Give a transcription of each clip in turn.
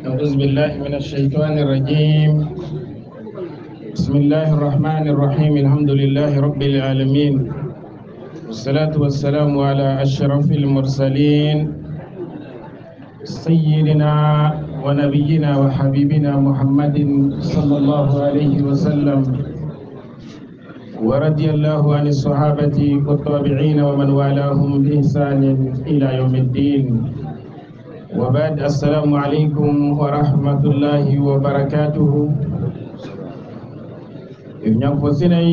أعوذ بالله من الشيطان الرجيم بسم الله الرحمن الرحيم الحمد لله رب العالمين والصلاة والسلام على أشرف المرسلين سيدنا ونبينا وحبيبنا محمد صلى الله عليه وسلم ورضي الله عن الصحابة والتابعين ومن والاهم بإحسان إلى يوم الدين وبعد السلام عليكم ورحمة الله وبركاته ابن فسني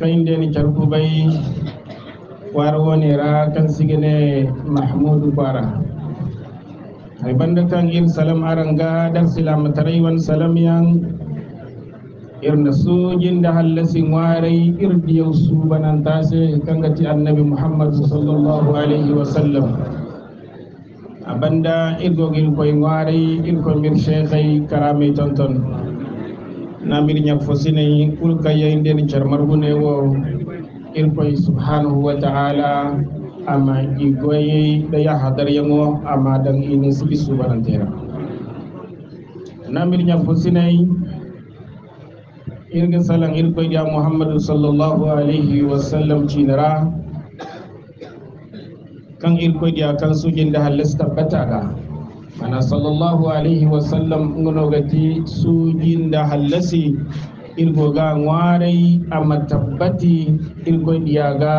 كاين دين كركوبي واروني را كان سيغني محمود بارا ay banda kan ir salam aranga dar silam tarai wan salam yang ir na su jinda hallasin warai ir diyau su banantase kangati annabi muhammad sallallahu alaihi wa sallam Abanda banda irgogil ngari ŋwaari irko karami tonton. karame namir ñak fo sinay kul kayay nden carmargune wo irkoy subhanahu wa taala ama i goye ɗaya hadar yango ama dan ine sigi subanantera namir ñak fo sinay irga salan irkoy ɗiya muhammad sallllahu alayhi wa sallam cinara kan irkoidiya kan sugin da halis tabbata ga ana sallallahu alaihi wasallam gati sugin da halasi ngwarai warai a irko irkoidiya ga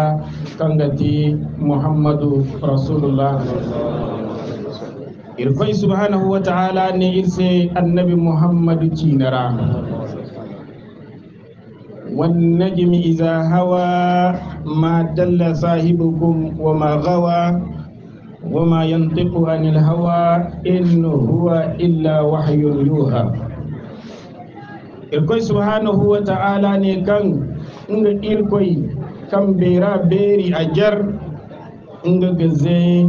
gati muhammadu rasulullah irkoi subhanahu wa ta'ala ne irse annabi muhammadu cinara والنجم إذا هوى ما دل صاحبكم وما غوى وما ينطق عن الهوى إن هو إلا وحي يوحى irkoy subhanahu wa ta'ala ne kan nga irkoy kan bera beri a jar nga gaze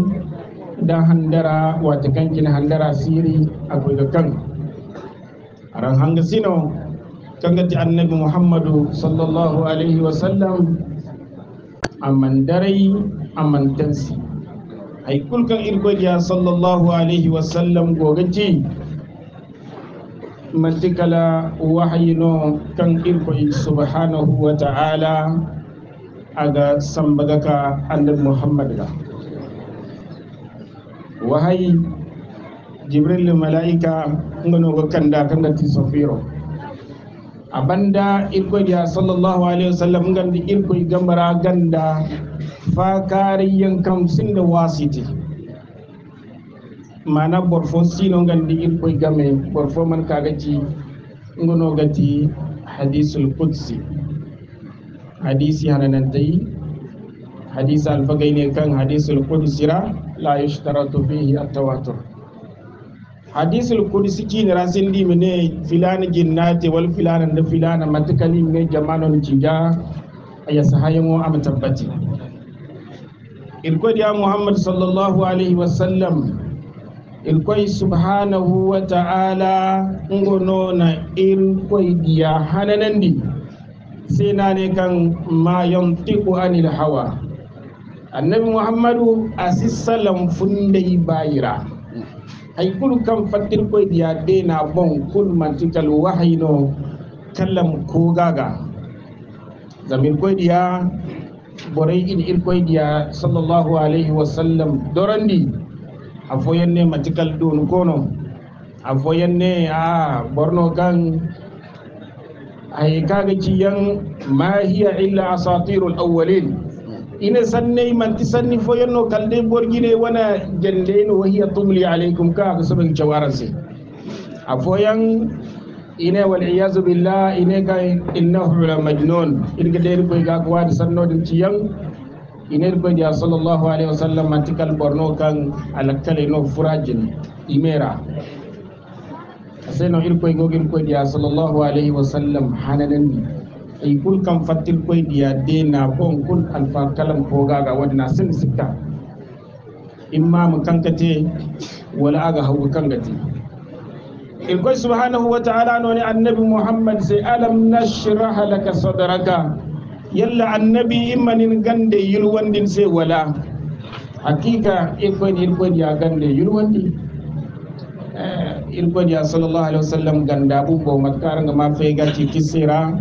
da handara wata handara siri a kan aran hanga kangati annabi muhammadu sallallahu alaihi wasallam amman darai amman tansi ay kulkan irgoja sallallahu alaihi wasallam gogaci mantikala wahayino kan irgoji subhanahu wa ta'ala aga sambagaka annabi Muhammadu ga wahayi jibril malaika ngono gokanda kangati sofiro abanda irkoyɗi ha sallllahu alayhi wa sallam gandi irkoye gambara ganda fakari kaariyan kam sinda wasiti mana borfo sino gandi irkoye game borfo man kagaci ngono gati hadisul qudsi hadisi hananantayi hadisa hadis kan hadisul qudsira la yushtaratu fihi attawatur hadisul kudsi ki ne rasin di mene filana jinnati wal filana da filana matakali ne jamanon jiga ya sahayin am tabbati Irko ya muhammad sallallahu alaihi wasallam irkoi subhanahu wa ta'ala ngono na irkoi ya hananan di sai na ne kan ma yantiku anil hawa annabi muhammadu asissalam fundai bayira ay kulu kam fattir ko diya dena bon kul mantikal wahayno kallam gaga zamin ko diya boray in ir ko diya sallallahu alaihi wa sallam dorandi a foyanne matikal don kono a foyanne a borno gan. ay kaga ci yang ma hiya illa asatirul awwalin ina sanne manti sanni fo yanno kalde borgine wana jande no wahiya tumli alaykum ka ko soben jawaransi a foyan ina wal iyazu billah ina ga innahu la majnun in ga deri koy ga ko wadi sanno dum ci yang ina ko dia ya sallallahu alaihi wasallam manti kal borno kan alakkale no furajin imera sai no ir koy gogin koy dia ya sallallahu alaihi wasallam hananan ikul kan fattil koy diya de na bon kul alfa kalam ko gaga wadna sin sikka imma mu kankate wala aga hawu kangate ilkoy subhanahu wa ta'ala noni annabi muhammad sai alam nashrah laka sadraka yalla annabi immanin gande yulwandin sai wala hakika ikon irkon ya gande yulwandi eh, irkon ya sallallahu alaihi wasallam ganda bu bo matkar ga ma fe gati kisira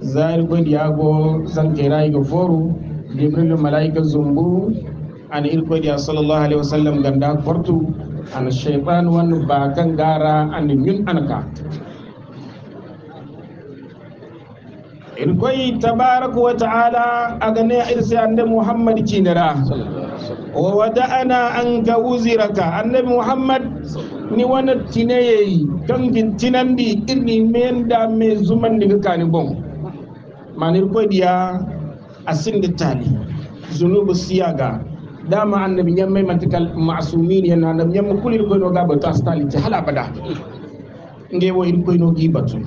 zaari godi yago rai ga foru jibril malaika zumbu an irko dia sallallahu alaihi wasallam ganda Kwartu, an shaytan wani ba kan gara an min anka irkoi tabaraka wa ta'ala a gane irsi annabi muhammad kinira wa wada'ana an ka wuziraka annabi muhammad ni wani tinaye kan gintinan di irin da mai zuman daga kani bon manir ko diya asinde tali zunubu siyaga dama annabi ñammay mantikal masumin hen annabi ñamma kulir koyno gaba tas tali ti hala bada nge wo hin koyno gi batu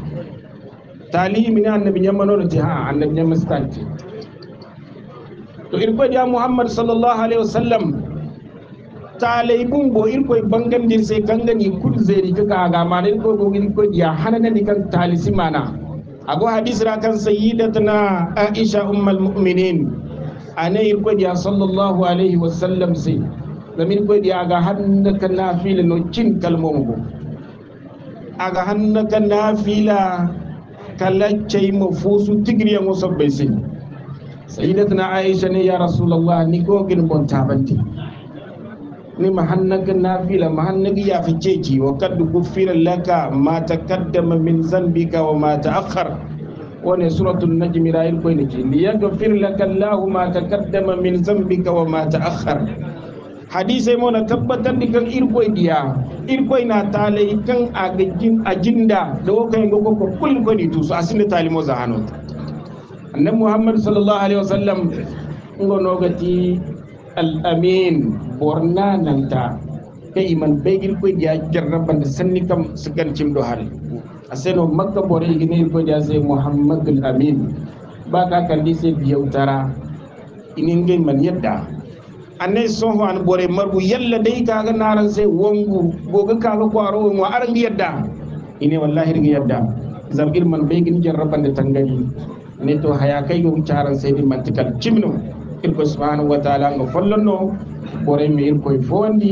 tali min annabi ñamma nono ti ha annabi ñamma stanti to ir ko diya muhammad sallallahu alaihi wasallam talai bumbo bo ir koy bangan dir sai gangani kul zeri kaka ga manin ko go ir koy diya hanana ni kan talisi mana ago hadisra kan sayyidatna aisha ummul mu'minin anay ko dia sallallahu alaihi wasallam sai lamin ko dia aga hanna kan nafila no cin kalmon go aga hanna kan nafila kalacce mo fusu tigriya mo sabbai sai sayyidatna aisha ne ya rasulullah ni ko gin bon tabanti ni mahannak nafila mahannak ya fice wa kad gufira laka ma taqaddama min zanbika wa ma ta'akhkhar wani suratul najmi rayin koy ne li yaghfir laka allah ma taqaddama min zanbika wa ma ta'akhkhar hadisai mo na tabbatar da kan irkoy diya irkoy na talai kan agajin ajinda da wakan gogo ko kulin ko ni tusu asinda talimo zahano annabi muhammad sallallahu alaihi wasallam ngono gati al amin borna nanta kai iman begil ko ya jarna ban sanni kam sukan cim do hari aseno makka bore igine ko ya sai muhammadul amin ba ka kan di sai biyautara inin gai man yadda so soho an bore marbu yalla dai ga naran sai wangu goga kaga kwaro wa aran yadda ine wallahi ngi yadda zam irman begin jarna ban tangani ne to haya kai go charan di mantikal cimno irko subhanahu wa ta'ala nga follono bore mi irko e fondi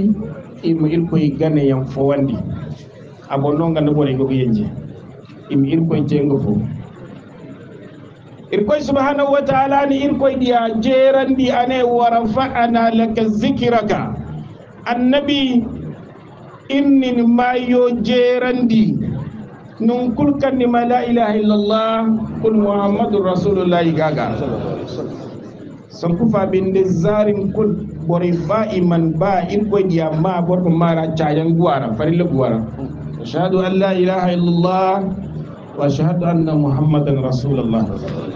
imi irko e gane yam fondi agono nga no bore go yenje imi irko e jengo fo irko subhanahu wa ta'ala ni irko dia jerandi ane warafa'ana laka zikraka annabi inni mayo jerandi nun kulkan ni ma la ilaha illallah kun muhammadur rasulullahi gaga so kufa binde zarin kul bori ba iman ba in ko diya ma bor ko mara cayan guwara farilla guwara ashhadu an la ilaha illallah wa ashhadu anna muhammadan rasulullah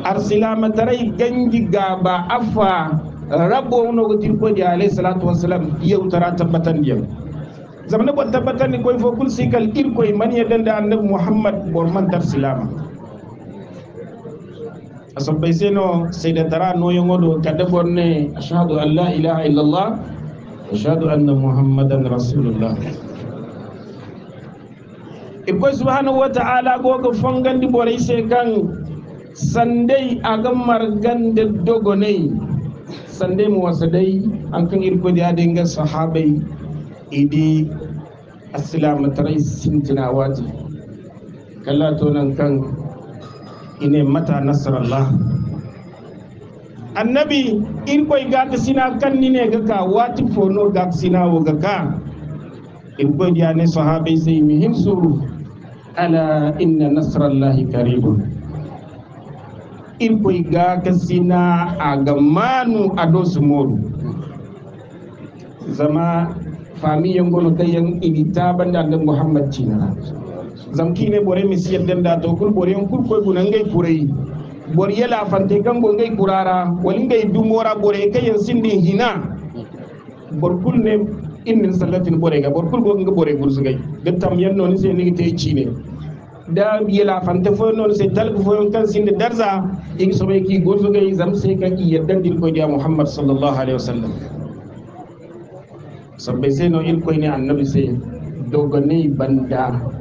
arsilama tarai ganji gaba afa rabo no go tin ko diya alayhi salatu wassalam yau tara tabbatan diyam zamana bon tabbatan ni koy fo kul sikal ir koy man yadan annabi muhammad bor man tar silama asabai sai da tara noyongoɗo kadde ɓonne achhadu an la ilaha illallah achhadu anna muhammadan rasulullah ikkoy subhanahu wa taala gogo fongandi ɓoray se kan sandai a sandey aga margande dogonayi sandey mo wasa day hankan irkodi adenga sahabay idi sun taray sintinawati kala to nan kan ine mata nasarallah annabi irkoy gata sina ne ga ka wati fono ga sina wo ga ka irkoy diane sahabe sai mihim suru ala inna nasrallahi qaribun irkoy ga ka sina aga manu ado sumodu zama famiyan gono kayan ibita da muhammad cinara zamkine bore mi siyedden da to kul bore on kul koy guna ngay kuray bor yela fante kango ngay kurara wali ngay dumora bore sindi hina bor kul ne innin sallatin bore ga bor kul go nga bore gursu gay yen non se da yela fante fo non se tal fo kan sinde darza igi sobe ki gursu gay zam se kan ki yeddan dil ko muhammad sallallahu alaihi wasallam sabbe se no il annabi se banda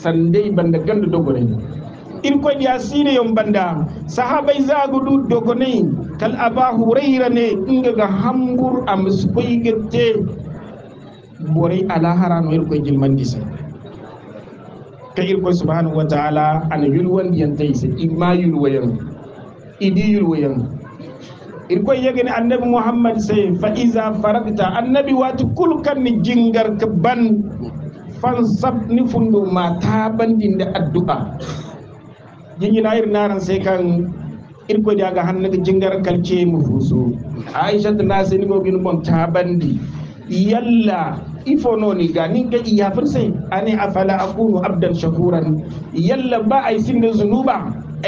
sandey banda ganda dogone ir koy ya sine yon banda sahabai zagu du dogone kal aba hurayra ne inga ga hambur am sukoy gette bore ala harano ir koy jilmandi yang, ka ir koy subhanahu wa ta'ala an yulwan imma yulwayan idi yulwayan annabi muhammad say, fa iza faragta annabi wati kulkanni jingar ka ban fansab ni fundo ma ta bandin da addu'a jingi na irin naran sai kan irko da ga hannu jingar kalce mu fuso aisha da nasi ni gogin bon ta bandi yalla ifo no ni ga ni gaji ya fursai ani afala akunu abdan shakuran yalla ba ai sin zunuba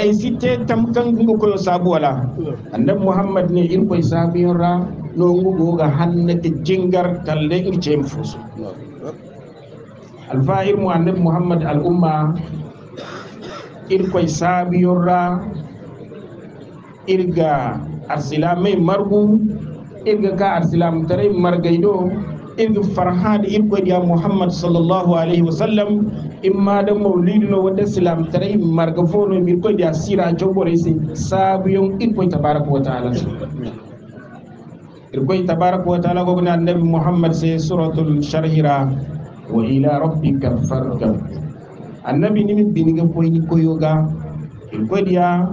ai sitte tamkan gugu sabu wala annabi muhammad ne irko ra no gugu ga hannu jingar kalle irce mu fuso alfa'ir mu annabi muhammad al'umma irkwai sabiyorra irga arsilamai margu irga ka arsilamtarai margaido irga farhad irkwai ya muhammad sallallahu alaihi wasallam in ma da maulidu na wadda silamtarai margafono mirkwai da sira jogore sai sabiyon irkwai tabaraka wa ta'ala tabaraka wa ta'ala annabi muhammad sai suratul sharhira wa ila rabbika farka annabi ni mi biniga koy ni koyoga il koy dia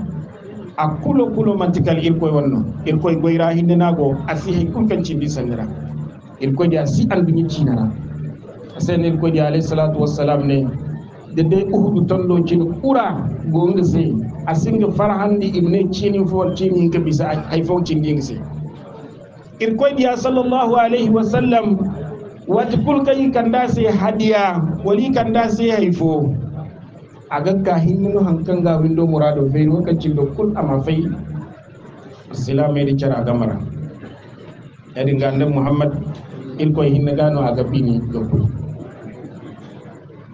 akulo kulo mantikal il koy wonno il koy goyra hinde nago asi hay kun kan cindi sanira il koy dia si al bini cinara sen il koy dia alayhi salatu wassalam ne de de uhudu tondo cin kura gonga se asinga farhandi ibne cinin fo cinin ka bisa ay fo cinin se il koy dia sallallahu alaihi wasallam wata kulka yi kanda sai hadiya kan kanda sai haifo a gagga hinnu hankan ga windo murado bai lokacin da kul a mafai mai da kira gamara ya dinga nan muhammad ilkon hinna gano a gabi ne ga kul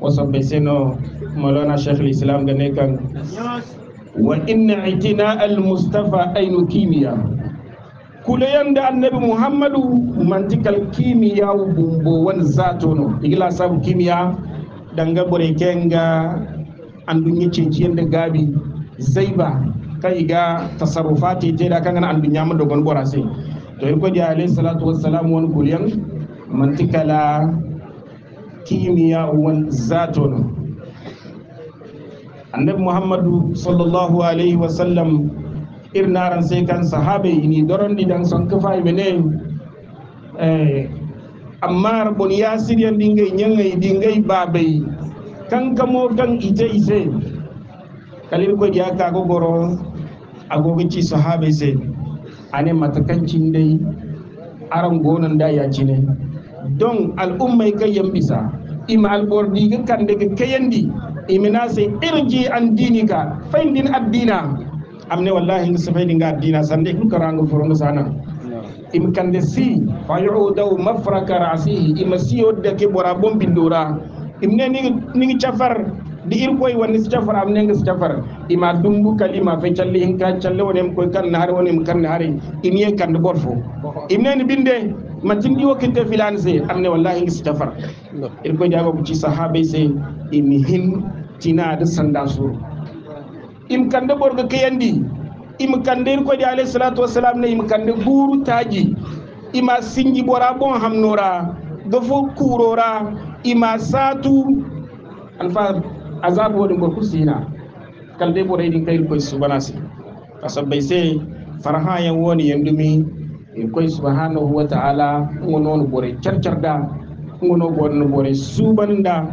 wasan bai sai na malona shekul islam ga ne kan wa inna itina al-mustafa ainu kimiyya yanda annabi muhammadu mantikal kimiyawu bumbo zato no igila sabu kimiya danga bore kenga yanda gabi zai ba kai ga tasarrufati teɗa kangana andu ñamando gon ɓora sai. to en kodi alayhi salatu wassalamu won kuliyan mantikala kimiya zato no. annabi muhammadu sallallahu alaihi wa sallam irna ran sai kan sahabe ni doron di dan son kafa ibene eh amma bon ya siriyan dingai nyangai dingai babai kan kamo kan ite ise kalir ko ya ka gogoro agogici sahabe sai ane matakancin dai aran gonan da ya ci ne don al'ummai yan bisa ima albordi ga kan daga kayandi imina sai irji an dinika din addina amne wallahi ngi safay dinga dina sande ku karango forongo sana im kande si fa yu'udu mafraka ra'sihi im siyo de ke bora bom bindura im ne ni ni chafar di ir koy wani chafar amne ngi chafar ima dumbu kalima fe challe hin ka challe woni ko kan har woni kan har im ye kan borfo im ne ni binde matin diwo kinte filan se amne wallahi ngi chafar ir koy dago ci sahabe se im hin tina da sanda suru imkande borga borgo kayandi im ko di alayhi salatu wassalam ne imkande kande guru taji ima singi bora bon hamnora gafo kurora ima satu alfa azab wodi gorko kusina kalde bora idin kayri ko subhanasi asabbe se farha yan woni yandumi e koy subhanahu wa ta'ala ngono bore charcharda ngono bore subanda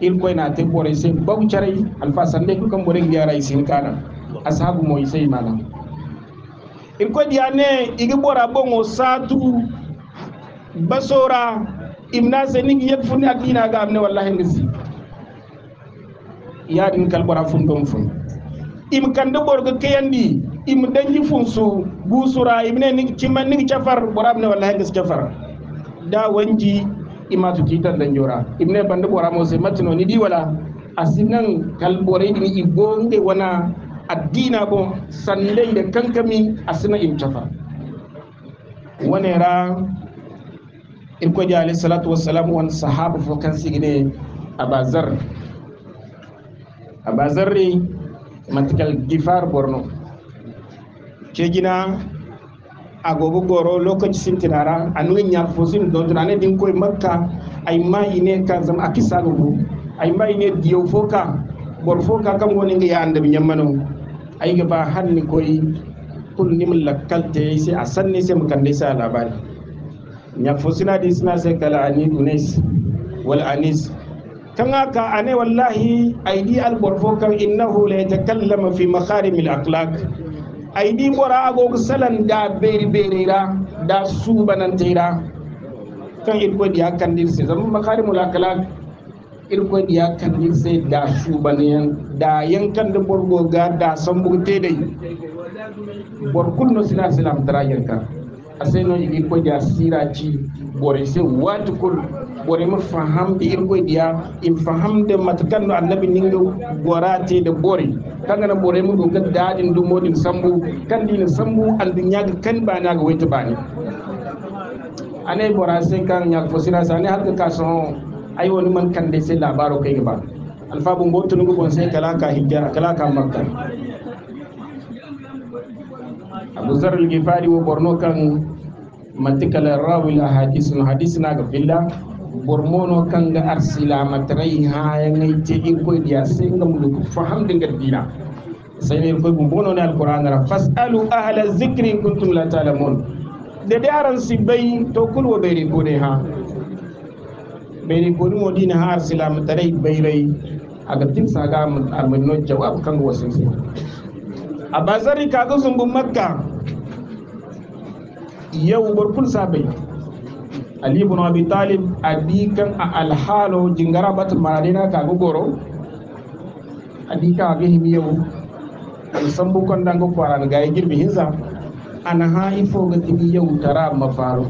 koy na te bore se babu charai alfa sande nek kam bore ngiara sen kana ashabu moy sey il koy diane igi bora bongo satu basora imna se nigi yek funi dina ga amne wallahi ngisi ya din kal bora fun don fun im bor ga kayandi im danji fun su gusura imne man cimman ci far bora amne wallahi ci far da wanji ima tu titar dan jora ibne bande bora mo se matino ni diwala asinan kal bore ni igonde wana addina bon sande de kankami asina imtafa wane ra irko ji alayhi salatu wassalam wan sahaba fo kan sigine abazar abazar ne matakal gifar borno ke agogo goro lokaci a tinara ya nya fosin don tunanin din kure makka ay ma ine ka kisa akisa a yi ma ne diyo foka bor foka kam woni ngi yande bi nyamano ay ga ba hanni koy kul ya yi sai a asanni sai mukande sai labari nya fosina di suna sai kala ni unes wal anis kan haka ne wallahi aidi al bor foka ya ta kallama fi makharimil akhlaq aidi bora ago salan da beri beri ra da su tira kan irko diya kan dirse zaman makari mulakala irko diya kan se da su banayan da yankan da borgo ga da san bugte bor kun no sila silam tara yanka asai no irko diya siraci gore se kul bore mi faham bi irgo diya in faham de matkan no annabi ningo gorate de bore kanga na bore mu go dadin du modin sambu kan dina sambu al dunyaga kan ba na ga wayta bani ane bora sen kan nyak fosira sa ne halka kaso ay woni man kan de sai labaro kai ba alfa bu mbotu nugo bon sai kala ka hijja kala ka makka abu zar al gifari wo borno kan matikala rawi al ahadith no hadith na ga billah bormono kanga arsila tarai ha yangai jegi ko dia singa muluk faham dengar dina sai ne ko bono na alquran ra fasalu ahla zikri kuntum la ta'lamun da daran sibai to kulwa bai riko dai ha bayri riko mo dina na arsilama tarai bai rai aga tin saga armanno jawab kanga wasin a bazari kaga zumbun makka yau barkun sabai ali ibn abi talib adi kan a alhalo jingara bat maradina ka gogoro adi ka ga himi yau an san bu kon dango kwaran ga girbi hinza ana ha ifo ga tibi yau tara mafaro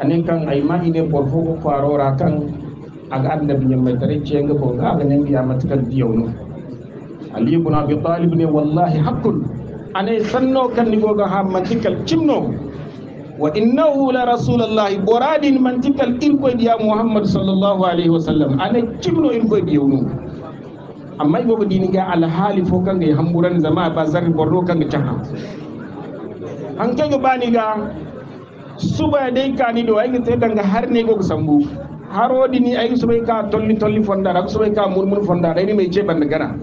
anin kan ai ma ine borfo ko kwaro ra kan aga annabi nyamma tare ce ga ko ga ga nyambi matakan diyau no ali ibn abi talib ne wallahi hakul anai sanno kan ni goga ha matikal cimno wa innahu la rasulullah boradin in ko diya muhammad sallallahu alaihi wasallam ana cimno diya diyawno amma ibobo dini ga hali fo kanga e hamburan zama ba zarri borno kanga An ke ga bani ga suba de kani do ay te danga har ne go sambu harodi ni ay subay ka tolli tolli fonda ko subay ka murmur fondara ni ce ban gara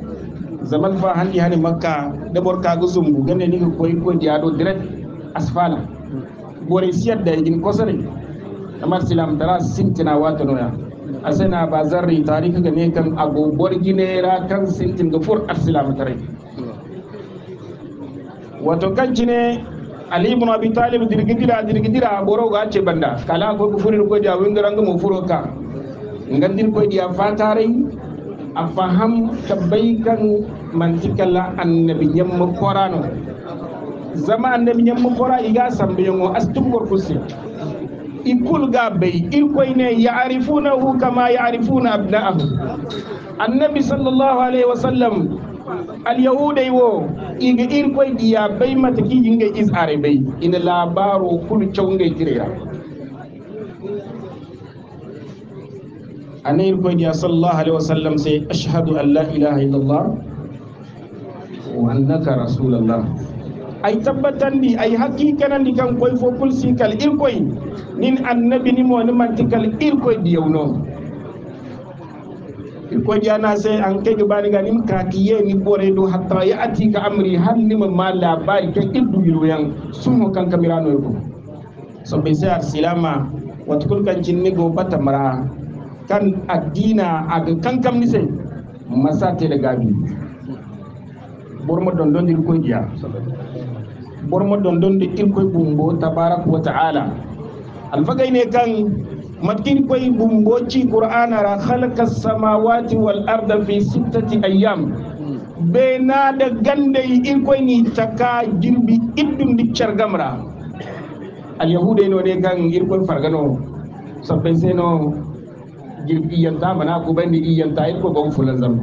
zaman fa handi hani makka da borka go sumbu. gane ni ko koy ko diado direct asfala gore siyadda igin kosare amar silam tara sintina wato noya asena bazarri tarihi ga ne kan ago borgine ra kan sintin ga fur arsilam tare wato kan cine ali ibn abi talib dirgidira dirgidira boro ga ce banda kala ko gufurir ko da wingaran ga mu furo ka ngandir ko dia fatare afaham tabaikan mantikala annabiyyan mu korano zamande minyam mukora iga sambiyongo astum gorfusi ikul gabay ilkoyne ya'rifunahu kama ya'rifuna abna'ahu annabi sallallahu alaihi wasallam alyahudai wo iga irkoy diya bay mataki inga is arabai ina labaro kul chonga jirera ana irkoy diya sallallahu alaihi wasallam sai ashhadu an la ilaha illallah wa annaka rasulullah ay tabbatan di ay hakikan di kan koy fo kul si kal irkoy nin annabi ni mo ni manti kal irkoy di yawno irkoy di ana sai an kai gabani kakiye ni bore do hatta ya ati amri har ni ma labari ka irdu yoyan sun kan kamira no ko so be ar silama wat kul kan jinni go patamra kan addina aga kan kam ni sai masate da gabi don dondon diya ma dondon da koy bumbo tabarak wa ta'ala alfagay ne kan kin koy bumbo ci qur'ana ra khalaqa samawati wal arda fi sittati ayyam be na da gande koy ni taka jirbi iddum di chargamra al yahude no de kan koy fargano sabbe seno jirbi yanta mana ko bandi iyanta irko gon fulan zam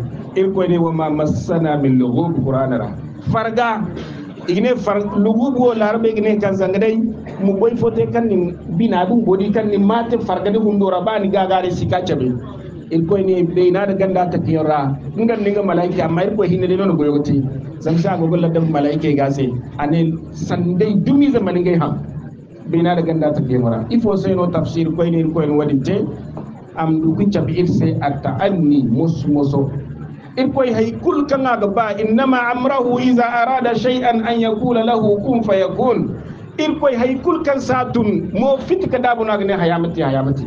koy ne wa ma massana min lughub qur'ana ra farga igine far lugu go larbe igine kan zangadai mu boy fote kan ni bina dum bodi kan ni mate fargade hundo rabani gagare sika chabe in koy ne be na da ganda ta kiyara ni ninga malaika amma ko hinne de non goyoti sa go golla dem malaika gase ane sandai dumi zaman ngai ha be na da ganda ta il ifo sai no tafsir koy ne koy wadi te am du ku chabe ir sai atta anni musmuso irkoy hay kul kana ga ba ma amrahu iza arada shay'an an yaqula lahu kun fayakun irkoy hay kul kan satun mo fitka ka dabu na ne hayamati hayamati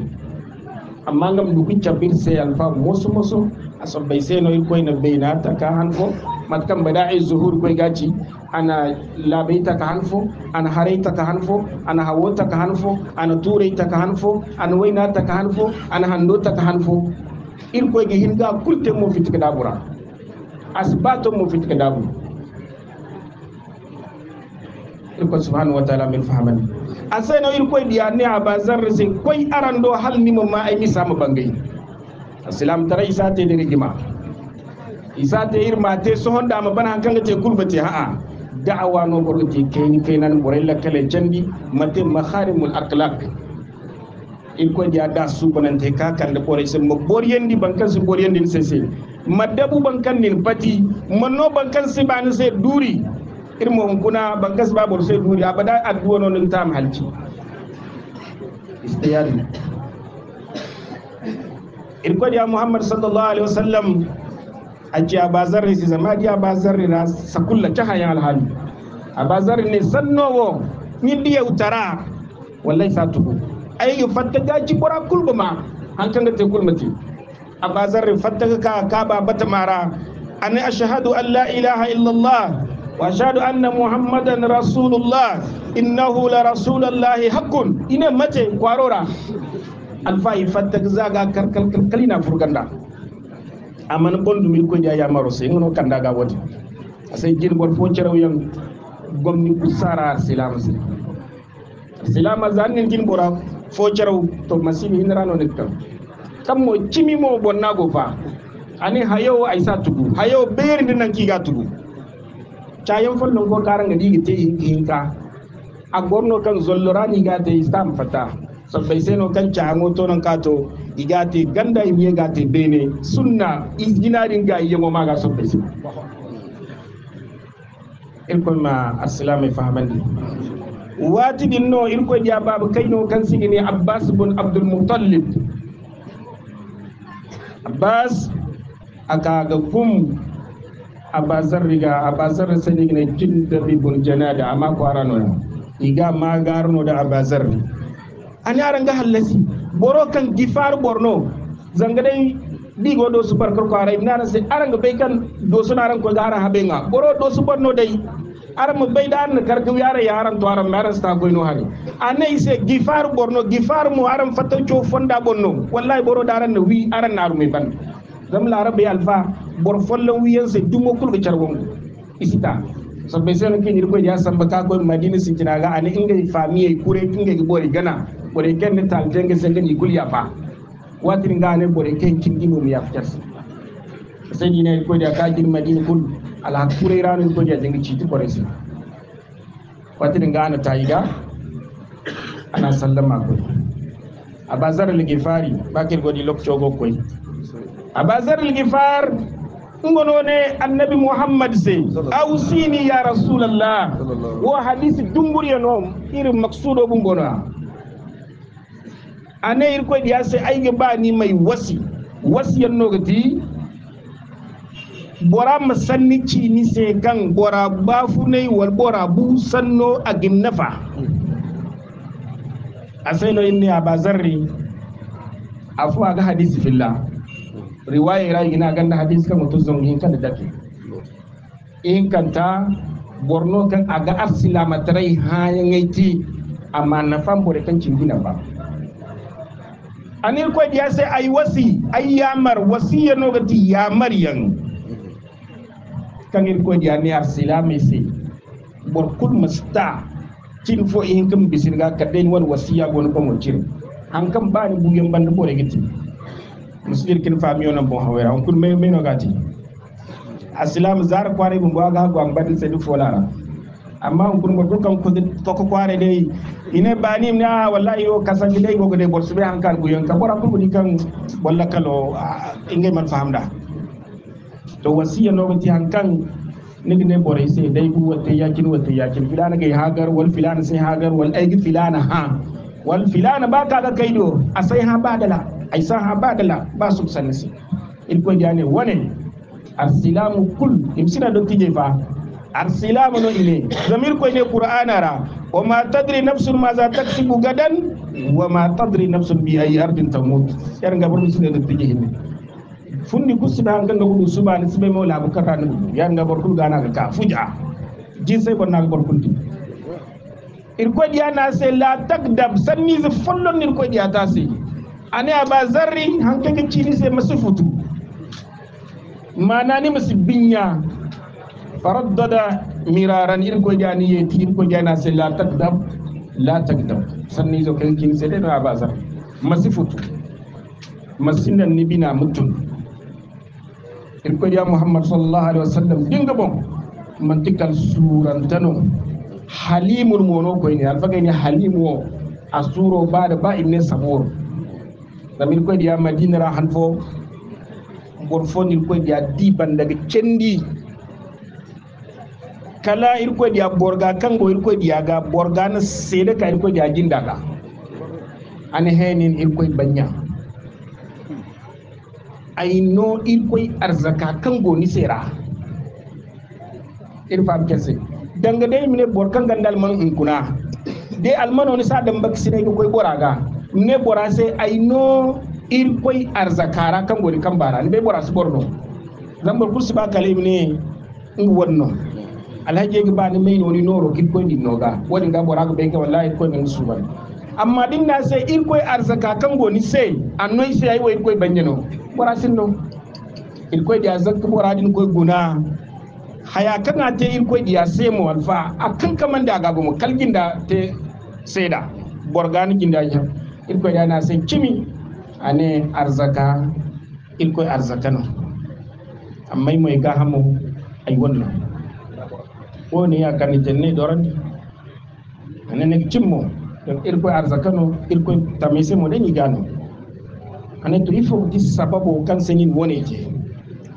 amma ngam dukin chabir sai alfa alfa mosu asan bai sai no irkoy na bayna ta ka hanfo matkan bada'i zuhur koy gaci ana labaita ka hanfo ana haraita ka hanfo ana hawota ka hanfo ana turaita ka hanfo ana wainata ka hanfo ana handota ka hanfo irkoy ga hinga kulte mo fitik bura asbato mo fitik il ko subhanahu wa ta'ala min fahamani asayna il irkoy biya ne abazar sin koy arando hal ni ma ay e mi sama bangay assalam tara isa te de rigima isa te irma te so honda ma bana kanga te kulbati ha'a da'awa no gorgo te kayni kaynan borella kale candi mate maharimul akhlaq In irko dia da su banan te ka kan da kore sun mabor yandi bankan su bor yendi sai sai madabu bankan nin pati manno bankan su ba ni sai duri irmo kuna bankan su ba bor sai duri abada addu'a non ta mahalci istiyari irko dia muhammad sallallahu alaihi wasallam aji a ne su zama di a ne na sakulla ta hanyar alhali a bazar ne sannowo ni diya utara wallai sa tuku ayge fattaga jibora kulɓa ma hankanga te kulmati aba zarre fattaga ka kaba batamara mara ani ashhadu an la ilaha illallah wa ashhadu anna muhammadan rasulullah innahu la rasulullah hakkun ina mate kwarora alfayi fataga zaga karkal kalkalina furganda amana bondumil koy ja yamaro se ngono kanda ga wodi asay jin bor fo cerew yang gomni ku sara silama se silama ngin jin fo charaw to masimi hinrano nekta kammo cimimo bonnago fa ani hayo aysa tugu hayo berindi nan kiga tugu cayan fallon ko karanga digi te hinka a gorno kan zollorani ga te istam fata sabbai sai no kan ca ngo to nan kato igate ganda imiye gate bene sunna izginarin ga iye ma ga sabbai sai ilkon ma assalamu fahamandi watidin no irko ja babu kaino kan sigini abbas bin abdul muttalib abbas aka ga kum Abbasar riga abasar sani ne kin da bibun janada amma kwara no iga ma garno da abasar an yaran ga halasi boro kan gifar borno zangadai digo do su barkar Na ran sai aranga bai kan do sunaran ko gara habenga boro do su no dai ara mu bai da an kargu yare ya haram to haram maran sta goy no hari anai se gifar borno gifar mu haram fata cho fonda bonno wallahi boro daran na wi haram naru mai ban zam la rabbi alfa bor follon wi yanse dumo kulbe charwon isita be sen ke nyir ko ya samba ka ko madina sintina ga ani inga famiye kure kinga gi bori gana bori ken ne tal jenge sen ni ya fa watin ga ne bori ken kingi mu ya fitar sai ni ne ko da ka gir madina kullu ala kure ranu to je jingi ci wata resi watin ga ana ga ana sallama makon a al ligifari bakin godi lokacin go a abazar ligifar ngono ne annabi muhammad se ni ya rasulallah wo hadisi ya noon irin maksudo ɓum gono a ya koye ɗiya se ni mai wasi wasi yan nogati bora masani ci se kan bora bafu ne wal bora bu sanno a gimnafa a sai no inni abazarri afu aga hadisi filla riwaya ra ina ganda hadisi kan mutu zongin kan da dake in kanta borno kan aga arsila matarai hayan aiti amma na fambore kan cingina ba anil ko ya sai ai wasi ai yamar wasiya no gati yamar yan kangir ko dia ni arsila mesi bor kul musta tin fo in kan bisin ga kadai wani wasiya gon ko mo cin an kan ba ni bugen bandu bore giti musir kin fam yonam bo hawe an kun me me no gati aslam zar kware bun ba ga gwan badin sai du folara amma an kun godo kan ko ko kware dai ine bani ne a wallahi yo kasan dai go de dai bor sube an kan buyen ka bor an kun kan walla kalo ingai man fahamda to wasiya no ti hankan nigi ne bore sai dai bu wata yakin wata yakin filana gai hagar wal filana sai hagar wal aiki filana ha wal filana ba ka ga kaido a sai ha badala ai san ha badala ba su sanasi il ko ne wane arsilamu kul imsina do tije fa arsilamu no ile zamir ko ne qur'ana ra wa ma tadri nafsun ma za taksibu gadan wa ma tadri nafsun bi ayi ardin tamut yar ga burmi sina do tije ne fundi kusuda an ganda gudu suba ni sibe mo labu kata ni gudu ya nga borkul gana ka ka fuja jise bon na borkul ti ir ko diya na se la takdab sanni ze follon ni ko diya ta se ane aba zarri hanke ke chini se masufutu mana ni faraddada miraran ir ko diya ni yeti ir ko diya na se la takdab la takdab sanni zo kan kin se de na aba zarri masifutu masinnan ni bina mutun en ko wiya mouhammad sallllahu alih wa sallam ɗinga bon mantikal surantano halimul mono ko ni alfa gani halimu asuro a suuro ba inne da min ko ya madina han fo gon fo ndin koye ɗiya diban daga cendi kala ir ko ya borga kango ir ko ya ga borga na seede ka ir ko ya jindaga ani henin ir ko banya ayno koi arzaka kan goni sera fam kese danga dai mine bor kan gandal man in kuna dai almano ni sa dan baksi ne koy boraga ne bora sai ayno irkoy arzakara kan goni kan bara ni be bora su borno bor kursi ba kale mine in wonno alhaji ke ba ni mai noni noro ko ni noga wani ga bora ga ga wallahi ni su ba amma din na sai koi arzaka kan goni sai annoi sai ayi wai koy banjeno borasin no irkoy zan zakka boradin goy guna haya kana te irkoy sai mu alfa kan kaman da gago mu kalginda te seda borgani ginda ya irkoy da na sai kimi ne arzaka irkoy arzaka nan amma mai ga hamu ai wannan ko ne ya kan jenne doran ane ne cimmo don irkoi arzaka no sai mu mo dani gano ana to ifo ko gisi sababu kan sanin wone je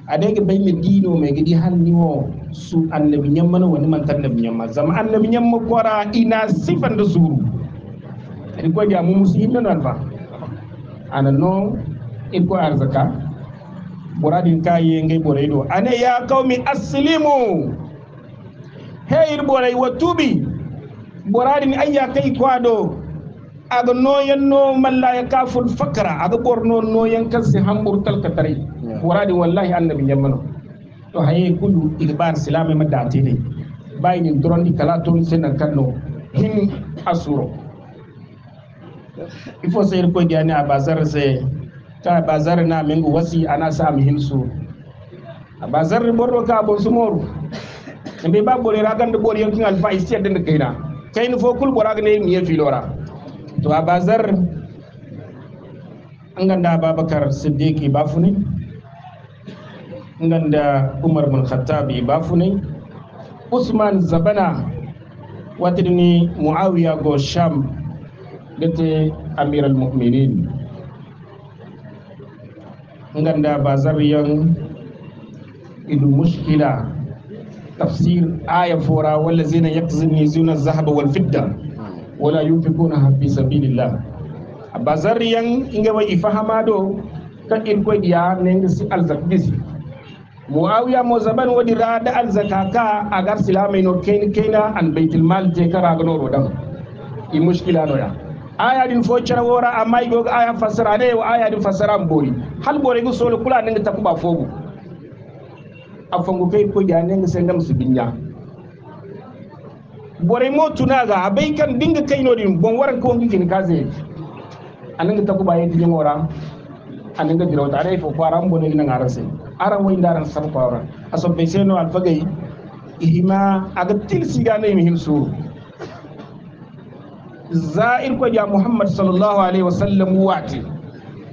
adege bay me dino me gidi hanni wo su annabi nyamma no wani man tan annabi nyamma zama annabi nyamma gora ina sifan da zuru ni ko ya mu musulmi non ba ana no in ko arzaka buradin ye ngai boray do ane ya qaumi aslimu hayir boray wa tubi buradin ayya kai kwado aga noyan no malla ya kaful fakara aga no noyan kan si hambur tal tare waradi wallahi annabi yammano to haye kulu ibar silame madati ne bayin dron di kala ton senan kanno hin asuro ifo sayir ko diani a bazar se ta bazar na mingu wasi ana sa mi su a bazar borro ka bon sumoru mbe ba bore ragan de bore yankin alfa istiyad de kaina kaina fo kul boragne ne yefi lora to abazar an ganda ababakar siddiqi bafune an ganda umar bin khattabi bafune usman zabana watini muawiya go sham dete amir almuminin an ganda abazar yan idu mushkila tafsir aya fora wallazina yakzimizuna zahaba walfidda wala yunfiquna fi sabilillah bazar yang inga wa ifahama do kan in ko diya ne si alzakbis muawiya mo zaban wadi rada alzakaka agar silama no kain kaina an baitul mal je kara ga ro dam i mushkila no ya aya din fo cara wora amma i goga aya fasara ne wa aya din fasara mbori hal bori go solo kula ne ta kuba fogu afangu kai ko diya ne ga sengam su binya bore mo tunaga abai kan dinga kai no din bon waran ko ngi kin kaze baye takuba yedi jengora ga diraw tare fo ko aram bono ina sai. ara wo indaran sab kwara aso be sai al fagay ihima aga til sigane mi hin suru za'ir ko ya muhammad sallallahu alaihi wasallam wati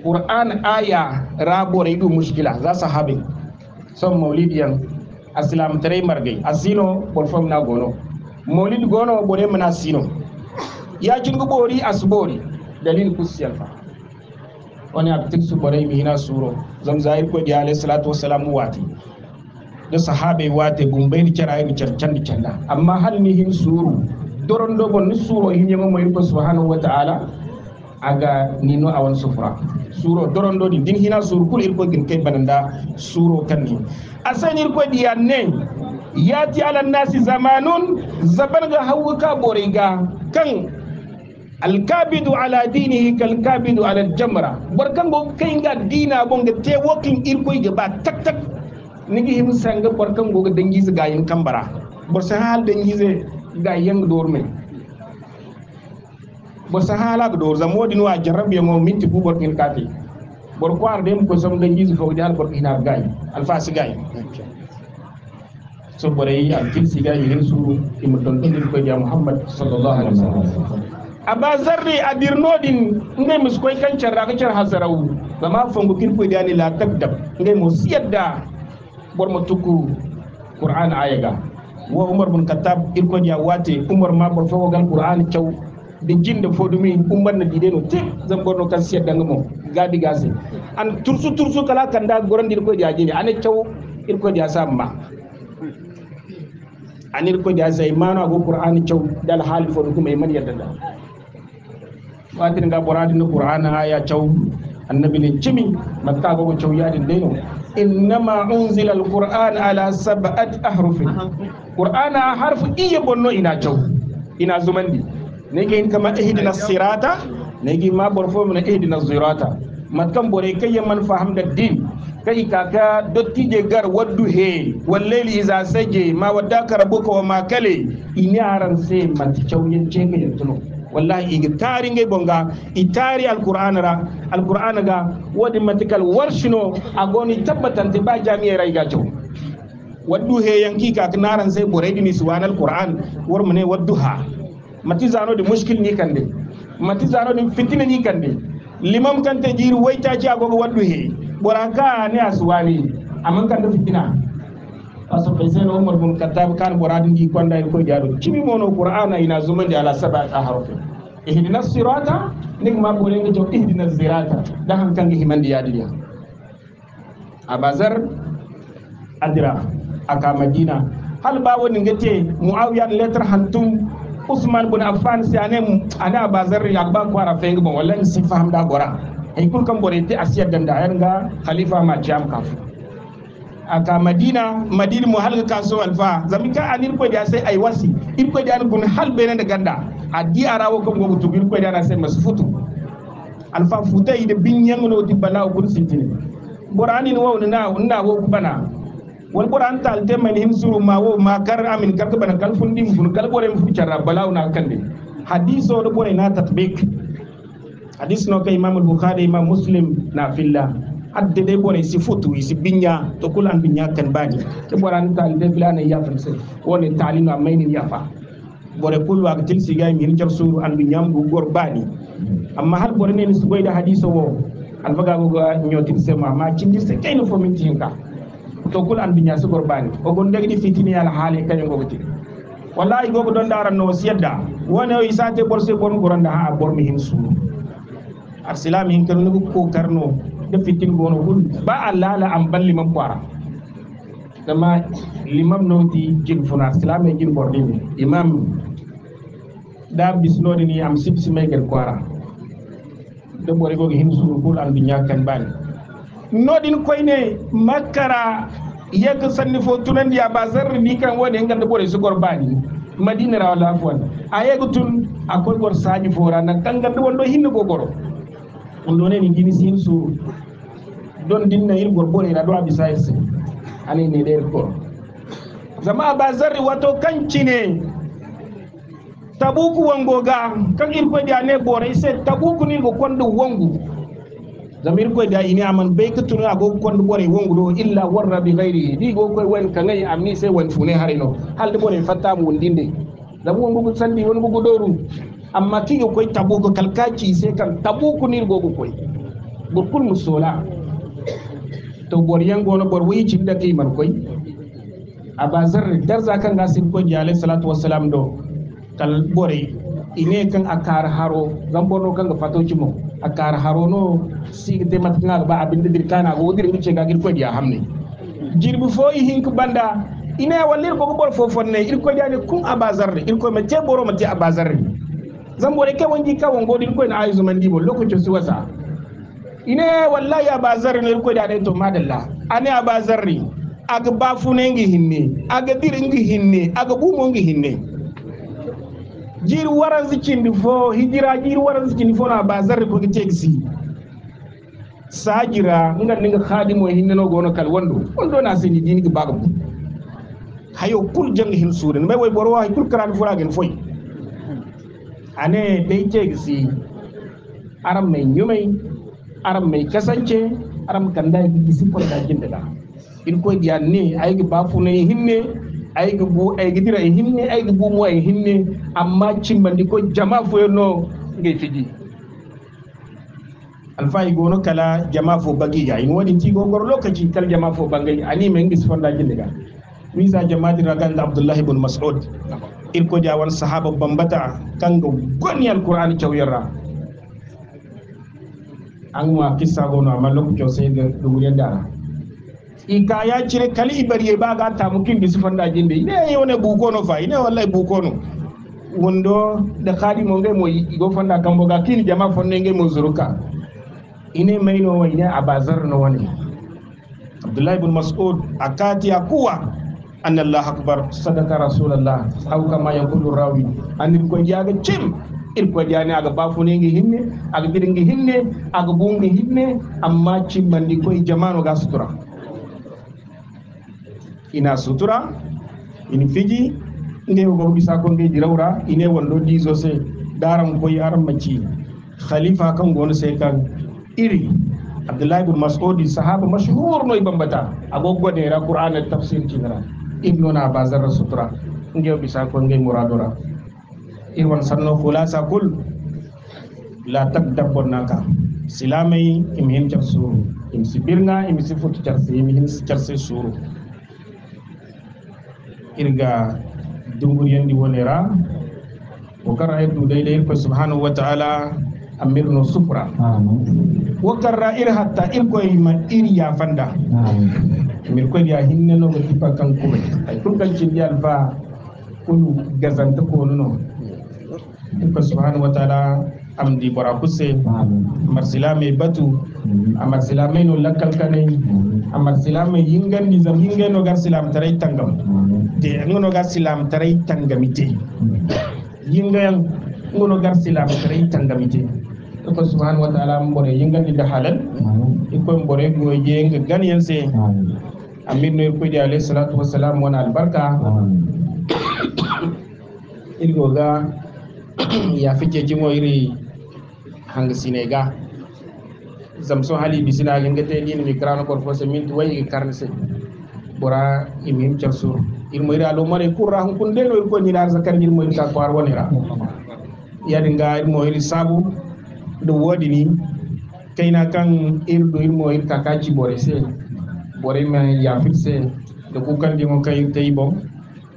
qur'an aya re du mushkila za sahabe son maulidiyan aslam tare margai asino borfam na gono molid gono bore mana sino ya jingu bori asbori dalil kusiyal fa wani abtik su bore mi hina suro zamzai ko di alayhi salatu wassalam wati da sahabe wate gumbai ni kira ni cercan ni canda amma hal ni hin suru doron dogon ni suro hin yema mai ko subhanahu wataala aga nino awan sufra suro doron dodi din hina suru kul irko gin kai bananda suro kanni asan irko diya ne yati ala nasi zamanun ga hawuka boriga kan alkabidu ala dinihi kalkabidu ala jamra kan bo kai ga dina ga te wokin irko ga ba tak tak nigi him sanga barkan go dangi ga yin kambara bar sa hal dangi ze ga yang dorme bo sahala ko dor zamodin wa jarrabe mo minti bu bor ngel kati bor ko arde ko som de jisu fo dal bor ina gay al fasi gay so bore yi al kilsi gay ngel su im don din ko ja muhammad sallallahu alaihi wasallam aba zarri adirnodin ngai muskoy kan charra ka char hasarau zama fongo kirko dani la takdab ngai mo siyadda bor mo tuku qur'an ayaga wa umar bin khattab irko ja wate umar ma bor fogo gal qur'an chaw de umar na dide no te zam gorno kan siya danga mo gadi gase an tursu tursu kala goran dir ko dia jini ane chaw ir ko dia samba anir ko dia sa mano ago qur'an chaw dal hali dum kuma man yadda da fatin ga boradi no qur'ana aya chaw annabi ne cimi makka go chaw yadin deno innama unzila alquran ala sab'at ahrufin qur'ana harfu iya bonno ina chaw ina zumandi nege in kama ihdina sirata nege ma bor fo mena ihdina sirata mat kam bore kay man fahamda din kai kaka je gar waddu he wallaili iza saje ma ka rabu wa ma kale ini aran se mat chawyen chenge tuno. wallahi iga tari ngai bonga i tari alqur'ana ra alqur'ana ga wodi matikal warshino agoni tabbatante ba jami'a rai ga chaw waddu he yanki kaka naran se bore dini suwan alqur'an war mune waddu ha mati zano di mushkil ni kande mati zano di fitina ni kande limam kante jiri wai ta ci agogo waddu he boranka ne aswani amman kande fitina aso no umar bin khattab kan boradi ngi konda e ko jaru cibi mono qur'ana ina zuman di ala sab'ati harfin ihdina sirata nik ma bole nga jow ihdina sirata da han kan himandi yadiya abazar adira aka madina hal bawo ni ngete muawiyan letter hantum usman bun affan si anem ana bazar ba ko ara fengi bon wallahi si faham da gora ay kul kam bore te asiya dan da ga khalifa ma jam kaf aka madina madina mu halga kaso alfa zamika anir ko da sai ay wasi ir ko da gun hal benen da ganda di arawo kam go butu ir ko da sai masu futu alfa futai da bin yango no di bala gun sintini borani no wona na na wo kubana wal qur'an tal te man hin suru ma wo ma kar amin kar ban kal fundi mun kal bore mu ficara balawna kande hadiso do bore na tatbik hadis no kay imam al-bukhari imam muslim na filla adde de bore si futu si binya to kul an binya kan bani te boran tal de filana ya fa se woni talin wa mayni ya fa bore kul wa til si gay min jar suru an binya bu gor bani amma har bore ne su goyda hadiso wo alfaga go nyotin sema ma cindi se kayno fo min tinka tokul an binya su gurbani ogon dagdi fitini ala hali kanyo go gutire wallahi gogo don daran no siyadda wona o isate borse bon guranda ha bor mi himsu arsilam hin kan nugo ko karno da fitin bono hul ba allah la an balli man kwara dama limam no di jin funa arsilam e jin bordini imam da bisnodi ni am sipsi meger kwara da bori gogo himsu kul an binya kan bani nodin koyne makkara yeg sanni fo tunandi ya bazar ni kan woni en ganda bore sugor bani madina rawala afwan a yeg tun akoy gor saji fo ran kan ganda wondo hinno go goro on do ne ni gini sin su don dinna ir gor bore ra do abisa ese ani ne der ko zama bazar wato kancine tabuku wango ga kan ir ko dia ne bore se tabuku ni go kondo wangu zamir koy da ini aman bay ka tunu ago kon gore do illa warra bi ghairihi di go koy wen ka ngai amni sai wani fune harino halde bone fatta mu dinde da mu wongugo sandi wongugo doru amma kai koy tabugo kalkaci sai kan tabuku nir go koy kul musola to bor yangono bor ci da kay man koy aba zarri darza kan gasin ko alayhi salatu wassalam do kal bore ine kan akar haro zambono kan ga fatoci mo akar haro no sigde matkangal ba abinde dir kana go dir ce ga gir ko dia hamne jirbi fo i hink banda ina wallir ko bor fo fonne ir ko dia ne kun abazarre ir ko mate boro mate abazarre zan bore ke wonji ka wongo dir ko na aizu man dibo lokacin su wasa ina wallahi abazarre ne ir ko dia ne to madalla ane abazarre aga bafune ngi hinne aga dir ngi hinne aga bumo ngi hinne jiri waran zikindi fo hijira jiri waran zikindi fo na bazar ko ke teksi sajira ngan ninga khadimo hinno gono kal wondo on do na sini dini ga bagam hayo kul jang hin surin, mbay way borwa hay kul karan furagen foy ane dai si, aram mai nyumai aram mai kasance aram kanda kisi kon da jinde da in koy dia ne ay ga bafu ne hinne ay ga bu ay ga dira e hinne ay ga bu mo ay hinne amma cimbandi ko jama foyo no ngai fiji alfa i gono kala jama fo bagiga in wadi tigo gor lokaci kal jama fo bangai ani men gis fonda jindiga misa ragal da abdullah ibn mas'ud ko jawan sahaba bambata kango goni alquran chawyara an ma kissa gono amma ko sey ga dungulen dara ka ya cire kali ibari e baga ta mukin bi fonda jinde ine yone bukono fa ne wallahi bukono wondo da khadi mo ngey mo go fonda kambo ga kin jama fonde ngey mo zuruka ine mayno a bazar na wani? Abdullahi ibn mas'ud akati akuwa anna allah akbar sadaka rasulullah aw kama yaqulu rawi an ko jaga cim il ko jani aga bafu ne hinne aga bidi hinne aga bu hinne amma cimmandi koye jamanu ga sutura ina sutura In fiji nde ko sa ko ngeji rawra ine wonɗo diso se daram koye aran khalifa kan gono sai kan iri abdullahi ibn mas'udi sahaba mashhur no ibambata agoggo ne ra qur'an al tafsir jinra ibnu na bazar sutra ngew bisa ko ngey muradora irwan sanno khulasa kul la naka silamai im hen jar suru im sibirnga im sifutu jar im hen jar suru irga dungur yandi wonera wakara hebdu daidai ko subhanahu wa ta'ala amirno wa karra ir hatta e ir ko ma ir yafanda mir ko ya hinnenoɓe kan ko ay ɗum kan dial ba kunu gasanta no ko subhanahu wa taala di bora kusse marsilame batu amar silame no lakkal kane amar silame ni zam hingeno gar silam taray tangam te ngono gar silam taray tangamite yingayan ngono gar silam taray tangamite ko subhanahu wa ta'ala mbore yingandi kan, ga halal ikko mbore go jenga gan yense amin no ko jale salatu wa salam wa albarka irgo ya fice jimo iri hang sinega zamso hali bisina ganga te ni mi krano kor fo se min to wayi karne se bora imim charsur irmo ira lo mare kurra hun kun de no ko ni dar zakar ni mo ka kwar wonira ya dinga irmo iri sabu ɗum woodi ni kayna kan irɗo irmo ir kakaji bore see bore ma yafir see nde kukandimo kay tawi bon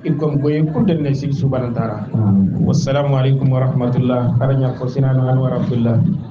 irkom goye kurdenne sigi subhanau hmm. Wassalamualaikum wassalamu wabarakatuh. wa rahmatullah ko